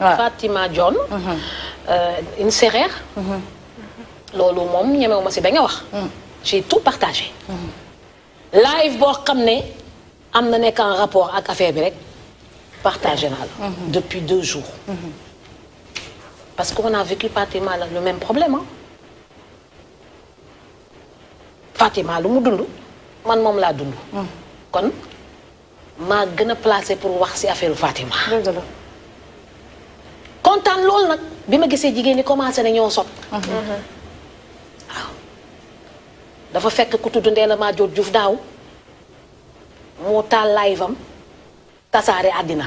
Fatima John. Mm-hmm. Euh, une sérère. Mm-hmm. loolu moom ñemewu ma si ba nga wax. Mm. j'ai tout partagé. Mm-hmm. live boo xam ne am na nekk en rapport ak affaire bi rek partagé naa la. depuis deux jours. parce que a vécu Fatima la le même Fatima lu mu dund man moom laa dund. Mm. kon maa gën a placé pour wax si affaire Fatima. kontaan loolu nag bi ma gisee jigéen ñi commencé na ñoo sob waaw dafa fekk ku tudd Ndella Madior Diouf daaw moo taal live am tasaare àddina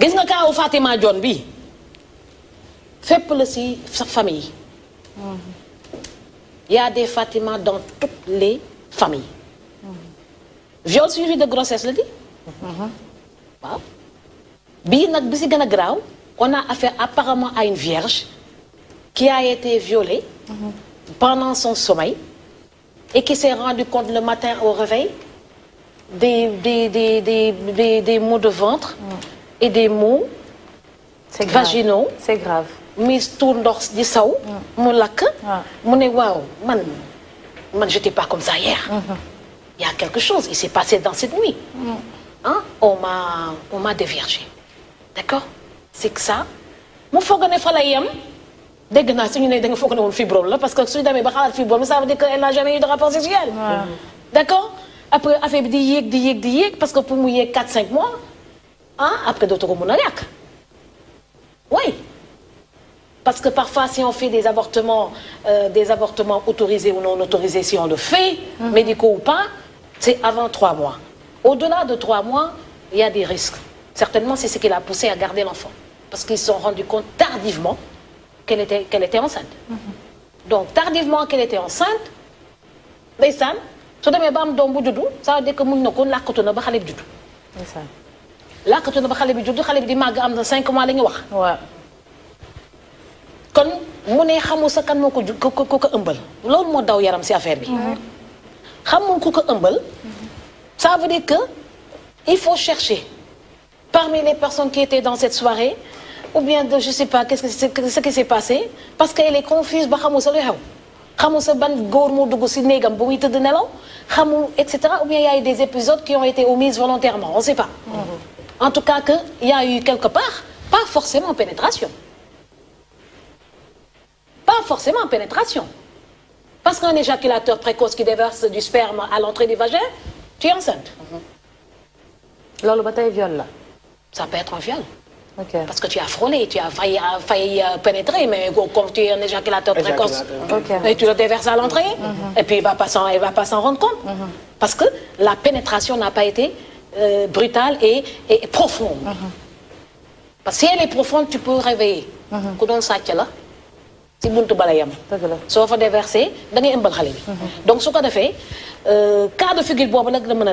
gis nga kaawu Fatima Dione bi fépp la si sa famille mm-hmm. y a des dans toutes les familles mm-hmm. viol suivi de grossesse la di mm-hmm. waaw bii nag bi si gën a graaw on a affaire apparemment à une vierge qui a été violée pendant son sommeil et qui s'est rendu compte le matin au réveil des des des des des, des de ventre mm. et des maux vaginaux c'est grave mi tuur ndox di saw mm. mu lakk mu ne waaw man man j'étais pas comme ça hier mm-hmm. il a quelque chose il s'est passé dans cette nuit ah on m'a on d'accord c'est que ça mu foog ne fa la yem dégg naa ne da nga foog ne woon fibrome la parce que suñu demee ba xalaat fibrome ça veut dire que elle n'a jamais eu de rapport sexuel. d'accord après affaire bi di yéeg di yéeg di yéeg parce que pour mu yéeg 4 5 mois ah après dootu ko mën a ñàkk que parfois si on des avortements euh, des avortements autorisés ou non autorisés si on le fait. Mmh. médicaux ou pas c'est avant trois mois. au-delà de 3 mois il y a des risques. Certainement, c'est ce qui l'a poussée à garder l'enfant. Parce qu'ils se sont rendus compte tardivement qu'elle était, qu'elle était enceinte. Mm -hmm. Donc, tardivement qu'elle était enceinte, ndeysaan su demee ba am doom bu juddu ça veut dire que mun na ko làkkatu na ba xale bi juddu. ndeysaan làkkatu na ba xale bi juddu xale bi di màgg am na 5 mois la ñu wax. waaw kon mu ne xamul sa kan moo ko ju ko ko ëmbal loolu moo daw yaram ci affaire bi. Mm-hmm. xamul ku ko ëmbal. Mm-hmm. ça veut dire que il faut chercher. parmi les personnes qui étaient dans cette soirée ou bien de je sais pas que ce qui s'est passé parce que elle est confuse ba xamul sa luy xew xamul sa ban góor moo dugg si néegam bu muy tëdd nelaw xamul et cetera ou bien il y a eu des épisodes qui ont été omis volontairement on sait pas mm-hmm. en tout cas que il y a eu quelque part pas forcément pénétration pas forcément pénétration parce qu'un éjaculateur précoce qui déverse du sperme à l'entrée du vagin tu es enceinte mm-hmm. loolu ba tey viol la ça peut être un viol. Okay. Parce que tu as frôlé, tu as failli, euh, failli euh, pénétrer, mais comme tu es un éjaculateur précoce, et tu le déverses l'entrée, mhm. et puis il va pas s'en rendre compte. Mhm. Parce que la pénétration n'a pas été euh, brutale et, et profonde. Mhm. si elle est profonde, tu peux réveiller. ku doon sàcc la si buntu bala yam soo fa euh, de figure boobu nag la mën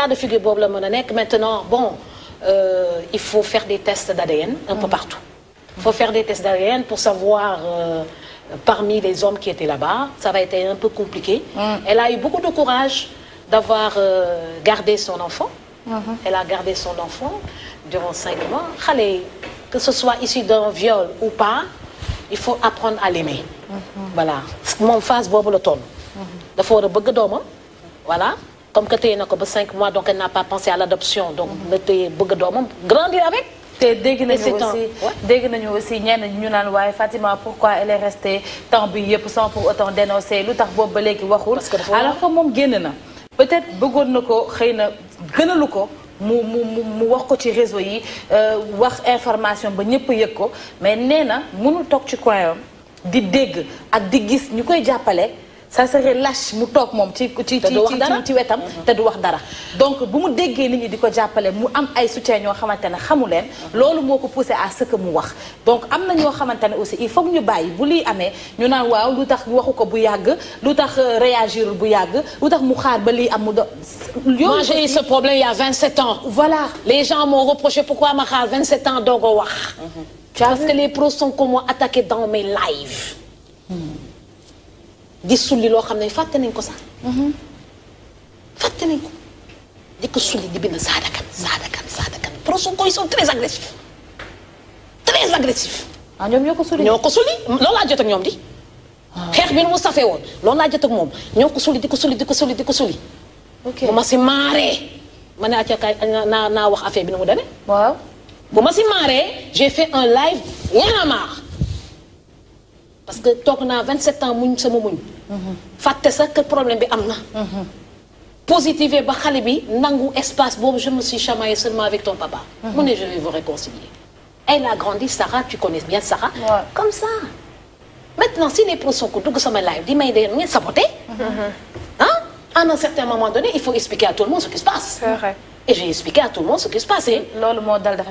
a de figure boobu la mën a maintenant bon. euh, il faut faire des tests d'ADN un mmh. peu mhm. partout. Il faut faire des tests d'ADN pour savoir euh, parmi les hommes qui étaient là-bas. Ça va être un peu compliqué. Mmh. Elle a eu beaucoup de courage d'avoir euh, gardé son enfant. Mmh. Elle a gardé son enfant durant cinq mois. Allez, que ce soit issu d'un viol ou pas, il faut apprendre à l'aimer. Mhm. Voilà moom phase boobu la toll. Mhm. dafa war a bëgg doomam voilà. comme que téye na ko ba 5 mois donc elle n'a pas pensé à l'adoption donc na mhm. téye bëgg doomam grandir avec. te dégg nañu aussi dégg nañu aussi ñenn ñu naan waaye Fatima pourquoi elle est restée temps bi yëpp sans pour autant dénoncer lu tax boobu ba léegi waxul. alors que moom génn na. peut-être bëggoon na ko xëy na gënalu ko mu mu mu wax ko ci réseau yi euh, wax information ba ñëpp yëg ko mais nee na mënul toog ci coin am di dégg ak di gis ñu koy jàppale. ça serait lache mu toog moom ci ci ci ci wetam mm-hmm. te du wax dara donc bu mu déggee nit ñi di ko jàppale mu am ay soutien ñoo xamante ne xamu leen loolu moo ko poussé à ce que mu wax donc am na ñoo xamante ne aussi il faut ñu bàyyi bu liy amee ñu naan waaw lu tax waxu ko bu yàgg lu tax euh, réagirul bu yàgg lu tax mu xaar ba lii am mu do moi j'ai eu ce problème il y a 27 ans voilà les gens m'ont reproché pourquoi ma xaar 27 ans doo ko wax mm-hmm. parce les pros sont comment attaquer dans mes lives di sulli loo xam ne fàtte nañ ko sax. Mhm. fàtte nañ ko di ko sulli di bind saadakan saadakan saadakan Prosonko ils sont très agressifs très agressifs. ah ñoo ko sulli ko sulli loolu laa jot ak ñoom di. Ah. xeex bi nu mu safee woon loolu laa jot ak moom ñoo ko sulli di ko sulli di ko sulli ko sulli. bu ma si maaree. ma ne acca kaay naa wax affaire bi nu mu demee. bu ma si maaree j'ai fait un live y'en parce que toog naa 27 ans muñ sama muñ. fàtte sax que problème bi am na. positiver ba xale bi nangu espace boobu je me suis chamaillée seulement avec ton papa. mu ne je vais vous réconcilier. elle a grandi Sarah tu connais bien Sarah. comme ça. maintenant si les pros sont ko dugg sama di may de ngeen saboté. Mm-hmm. ah à un certain moment donné il faut expliquer à tout le monde ce qui se passe. et j'ai expliqué à tout le monde ce qui se passait. loolu moo dal dafa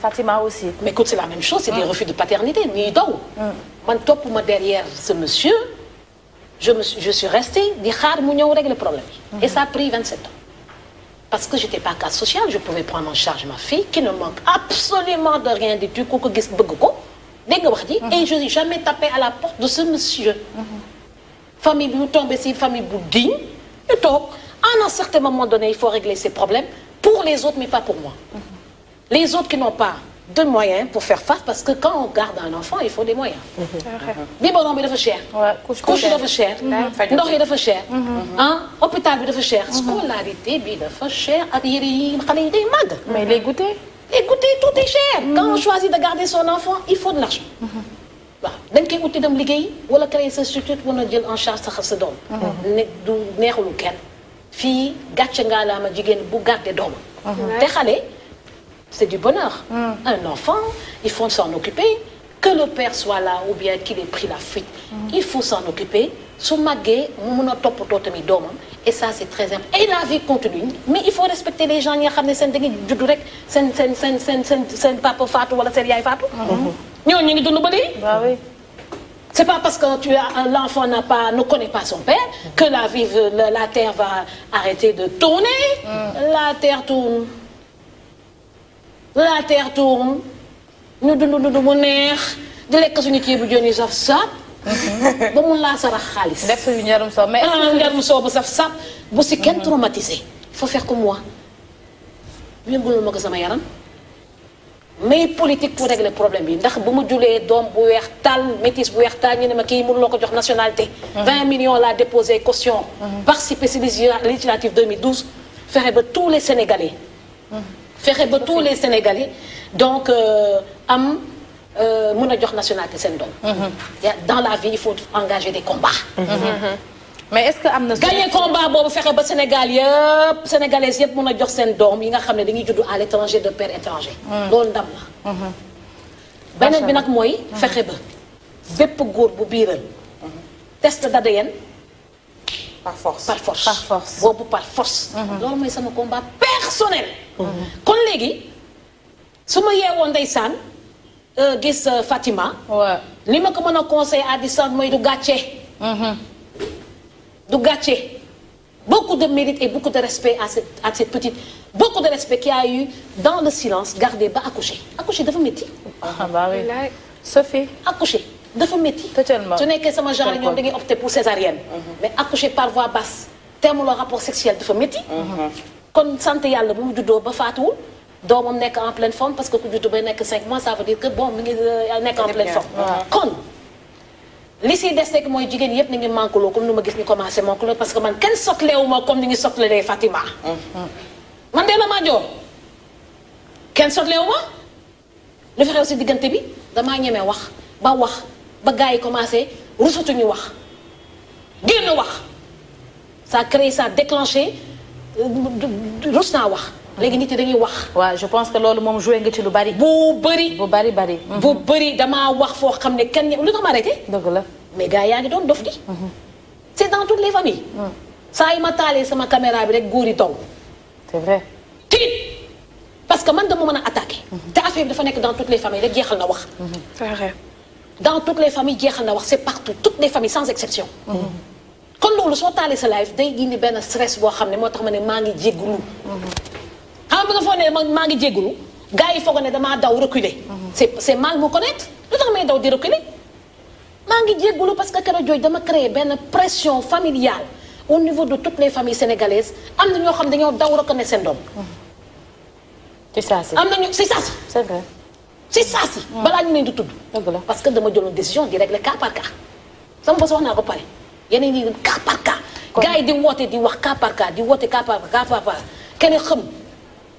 Fatima aussi. mais écoute c'est la même chose c'est des mm. refus de paternité nii daw. Mm. man topp ma derrière ce monsieur. je suis je suis restée di xaar mu ñëw régler problème bi. Mm-hmm. et ça a pris 27 ans. parce que j'étais pas cas social je pouvais prendre en charge ma fille qui ne manque absolument de rien du tout ku ko gis bëgg ko dégg nga mm-hmm. et je n'ai jamais tapé à la porte de ce monsieur. Mm-hmm. famille bu tombé si famille bu digne à un certain moment donné, il faut régler ces problèmes pour les autres, mais pas pour moi. Mm -hmm. Les autres qui n'ont pas de moyens pour faire face, parce que quand on garde un enfant, il faut des moyens. bi borom bi dafa cher. couche bi dafa cher. ndox yi dafa cher. ah hôpital bi dafa cher. Mhm. scolarité bi dafa cher ak yére yi xale yi day màgg. mais les goûters. les goûters tout est cher. de garder son de l'argent. Mm fii gàcce ngaalaama jigéen bu garder doom mhm. te xale c'est du bonheur mhm. un enfant il faut s'en occuper que le père soit là ou bien qu'il ait pris la fuite mhm. il faut s'en occuper su màggee mu mun a toppatoo tamit doomam et ça c'est très important et la vie continue mais il faut respecter les gens ñi nga xam ne seen dañuy juddu rek seen seen seen seen seen seen papa faatu wala seen yaay faatu ñooñu ñu ngi dund ba léegi C'est pas parce que l'enfant n'a pas, ne connaît pas son père que la, vie, la, terre va arrêter de tourner. Mm. La terre tourne. La terre tourne. ñu dund dund mu neex di lekk suñu kii bu joni sap. ba mun laa sarax xaalis. def suñu njarum soow mais bu saf sap. bu faut faire comme moi. yëngulul ma ko sama yaram. mais politique pour régler problème yi ndax bu ma julee doom bu weex taal métis bu weex taal ñu ne ma kii loo ko jox nationalité. 20 mhm. millions laa déposé caution. Mhm. participer si législative 2012 fexe ba tous les sénégalais. Mhm. fexe ba tous les sénégalais donc euh, am euh, mun a jox nationalité seen doom. dans la vie il faut engager des combats. mais est-ce que am na. gagné combat boobu fexe ba Sénégal yëpp sénégalais yëpp mën a jox seen doom yi nga xam ne dangay juddu à l'étranger de père étranger. Hmm. loolu ndam la. Hmm. beneen bi nag mooy. fexe ba bépp góor bu biiral. Hmm. test d'ADN. par force par force par force boobu par force. loolu mooy sama combat personnel. kon léegi su ma yeewoon ndeysaan euh, gis euh, Fatima. li ma ko mën a conseil à distance mooy du gàcce. du gàcce beaucoup de mérite et beaucoup de respect à cette à cette petite beaucoup de respect qu'il y a eu dans le silence gardé ba accoucher accoucher dafa métti. ah bah oui Sophie. accoucher dafa métti. totalement su nekkee sama genre ñoom dañuy opter pour césarienne. Mhm. mais accoucher par voie basse teemuloo rapport sexuel dafa métti. Mhm. kon sant yàlla bu mu judo ba faatuwul doomam nekk en pleine forme parce que ku juddu ba nekk 5 mois ça veut dire que bon mi ngi euh, nekk en pleine forme kon. li si des rek mooy jigéen yëpp ni ngi manqueloo comme ni ma gis ñu commencé manqueloo parce que man kenn sotleewu ma comme ni ngi sotlelee Fatima. Mm-hmm. man de la maa joor kenn sotleewu ma lu fi xew si diggante bi damaa ñeme wax ba wax ba gars yi commencé rusatuñu wax génn wax ça crée ça déclenché euh, rus naa wax léegi nit yi dañuy wax. waaw je pense que loolu moom joué nga ci lu bari. bu bari bu bari bari. Mhm. bu bari damaa wax foo xam ne kenn lu tax ma arrêté. dëgg la mais gars yaa ngi doon dof di. Mhm. c'est dans toutes mhm. saa yi ma taalee sama caméra bi rek góor yi taw. c'est vrai. tiit parce que man dama mën a attaqué. te affaire bi dafa nekk dans toutes les familles rek jeexal na wax. c'est vrai. dans toutes les familles jeexal na wax c'est partout toutes les familles sans exception. kon loolu soo taalee sa live day indi benn stress boo xam ne moo tax ma ne maa ngi jégalu. xam nga foo ne maa ngi jégalu gars yi foog ne damaa daw reculer. Mhm. c'est c'est mal me connaître lu tax may daw di reculer. maa ngi jégalu parce que keroog jooju dama créer benn pression familiale au niveau de toutes les familles sénégalaises am na ñoo xam dañoo daw reconnaître seen doom. Mhm. am nañu si saa si. c'est vrai si saa si. balaa ñu leen di tudd. dëgg la parce que dama jëloon décision di régler cas par cas. sama bos wax naa ko pare yeneen yi cas par cas. gars yi di woote di wax cas par cas di woote cas par cas cas par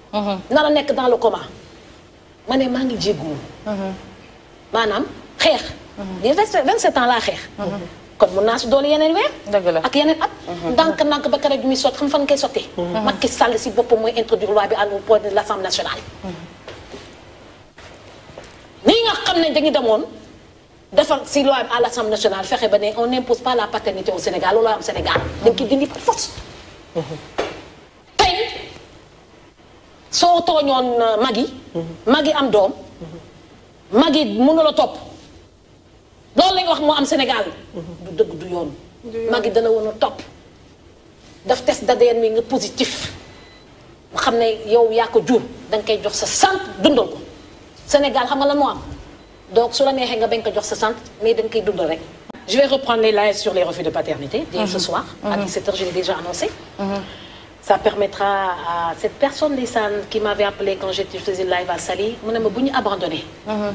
Uh-huh. nar a nekk dans le coma ma ne maa ngi jéggul uh-huh. maanaam xeex di uh-huh. vingt sept ans laa xeex kon mun naa si doole yeneen weer ak yeneen at ndànk ndànk ba keroog muy sot xam fan koy sottee Macky Sall si boppam mooy introduire loi bi à point de l'Assemblée nationale nii nga xam ne dañu demoon defar si loi bi à l'Assemblée nationale fexe ba ne on n'impose pas la paternité au Sénégal loolu am Sénégal dañ koy dindi par force soo tooñoon mag yi mag yi am doom mhm. mag yi mënu la topp loolu lañ wax moo am Sénégal mhm. du dëgg du yoon mag yi dana woon a topp daf test d'ADN mi nga positif mu xam ne yow yaa ko jur danga koy jox sa sant dundal ko Sénégal xam nga la moo am donc su la neexee nga bañ ko jox sa sant mais danga koy dundal rek je vais reprendre les lives sur les de paternité dès mhm. ce soir à 17h je l'ai déjà annoncé ça permettra cette personne ndeysaan qui m'avait appelé quand je live à Saly mu ne ma bu ñu abandonné. Mhm.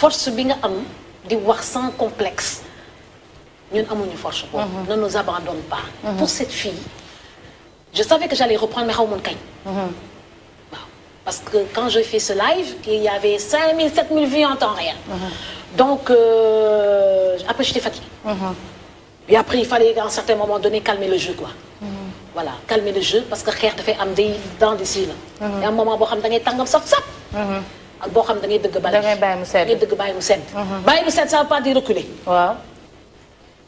force bi nga am di wax sans complexe ñun amuñu force boobu. Mhm. ne nous abandonne pas. Mhm. pour cette fille je savais que j'allais reprendre mais xaw ma parce que quand j'ai fait ce live il y avait 5000 en temps donc euh, après j'étais fatiguée. et après il fallait un certain moment donné calmer le jeu voilà calmer le jeu parce que xeex dafay am day dent de la y a boo xam da ngay tàngam sap-sap mhm. ak boo xam da ngay dëgg bal da ngay bàyyi mu sedd da ngay dëgg bàyyi mu sedd mhm. bàyyi mu sedd ça veut pas dire reculer waaw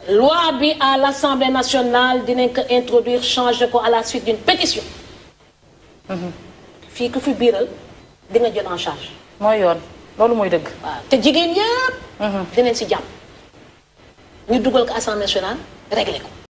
loi bi à l'Assemblée nationale dinañ ko introduire changer ko à la suite d'une pétition mhm. fii ku fi biiral di nga en charge mooy yoon loolu mooy dëgg waaw te jigéen yëpp dinañ si jàmm ñu dugal ko Assemblée nationale réglé ko